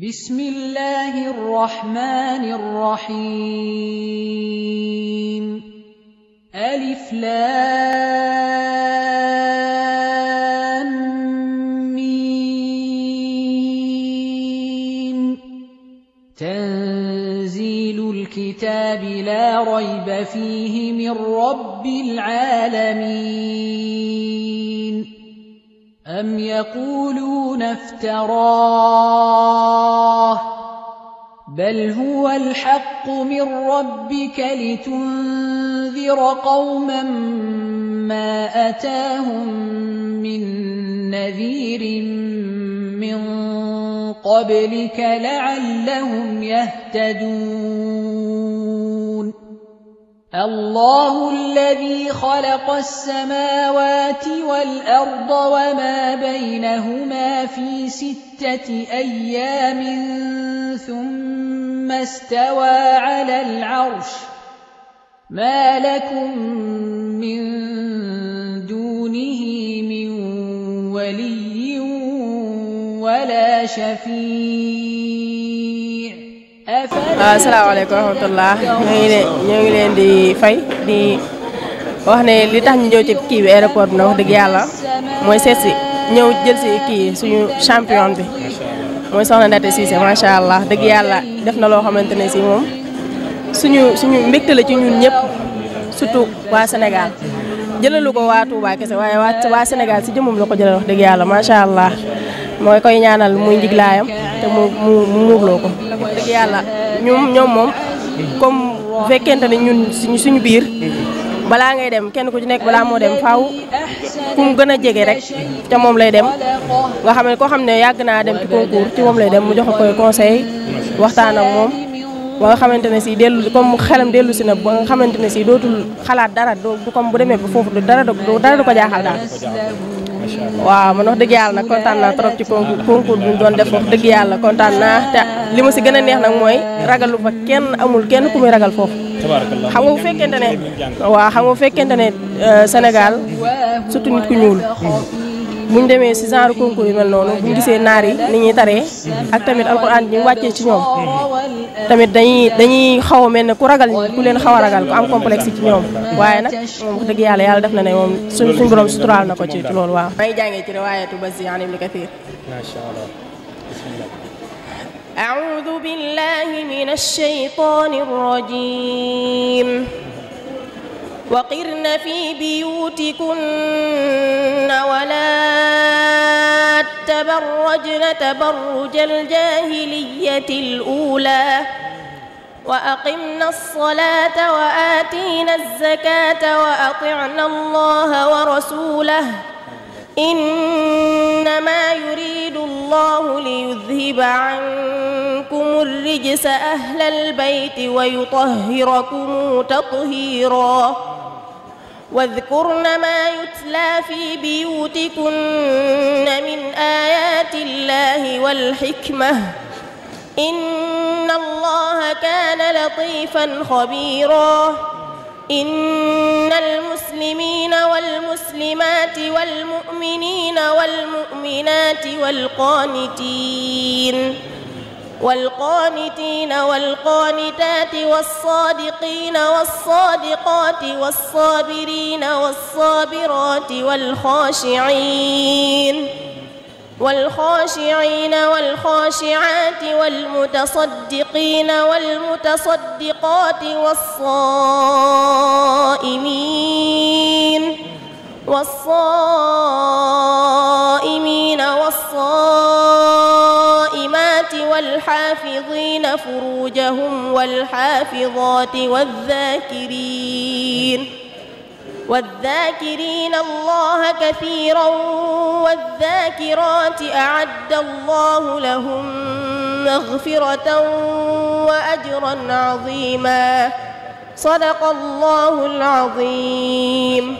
بسم الله الرحمن الرحيم ألف لام ميم تنزيل الكتاب لا ريب فيه من رب العالمين أم يقولون افتراه بل هو الحق من ربك لتنذر قوما ما أتاهم من نذير من قبلك لعلهم يهتدون الله الذي خلق السماوات والأرض وما بينهما في ستة أيام ثم استوى على العرش ما لكم من دونه من ولي ولا شفيع waaw ah, salaamaaleykum wa ñoo ngi leen di fay di wax ne li tax ñu ci kii bi yàlla mooy seet ñëw jël si kii suñu champion bi mooy soxna Ndaté Cissé macha allah dëgg yàlla def na loo xamante ne si moom suñu suñu mbégte ci ñun ñëpp surtout waa Sénégal jëlalu ko waa Touba kese waaye waa waa Sénégal si jëmmum la ko jëlal wax dëgg yàlla macha allah mooy koy ñaanal muy njiglaayam te mu mu mu ko. wax dëgg yàlla ñoom ñoom moom. comme fekkente ne ñun suñu suñu biir. balaa ngay dem kenn ku ci nekk balaa moo dem faaw ku gën a jege rek ca moom lay dem nga xam ne koo xam ne yàgg naa dem ci concours ci moom lay dem mu jox koy conseil waxtaan ak moom ba xamante ne si dellu comme xelam dellu si na ba xamante ne si dootul xalaat dara doo comme bu demee ba foofu dara dara du ko jaaxal daal waaw man wax dëgg yàlla nag kontaan naa trop ci concours bi ñu doon def wax dëgg yàlla kontaan naa te li ma si gën a neex nag mooy ragalu fa kenn amul kenn ku muy ragal foofu. xam nga bu fekkente ne. waaw xam nga fekkente ne euh, Sénégal surtout nit ku ñuul. buñ démé ci genre concours yu mel noonu buñ gisé nar yi ni ñi taré ak tamit alcorane bi ñu wàccee ci ñom tamit dañuy dañuy xaw a mel ku ragal ku leen xaw ragal ku am complexe ci ñom wayé nak moom wax deug yàlla yàlla def na ne mom suñ suñ borom sutural nako ci lool waaw may jàngé ci riwayatu Bazzi an Ibn Kathir ma sha Allah bismillah a'udhu billahi minash shaytanir rajim وقرن في بيوتكن ولا تبرجن تبرج الجاهلية الأولى وأقمنا الصلاة وآتينا الزكاة وأطعنا الله ورسوله إنما يريد الله ليذهب عنكم الرجس أهل البيت ويطهركم تطهيراً واذكرن ما يتلى في بيوتكن من آيات الله والحكمة إن الله كان لطيفا خبيرا إن المسلمين والمسلمات والمؤمنين والمؤمنات والقانتين والقانتين والقانتات والصادقين والصادقات والصابرين والصابرات والخاشعين والخاشعين والخاشعات والمتصدقين والمتصدقات والصائمين والصائمين والصائمين الحافظين فروجهم والحافظات والذاكرين والذاكرين الله كثيرا والذاكرات أعد الله لهم مغفرة وأجرا عظيما صدق الله العظيم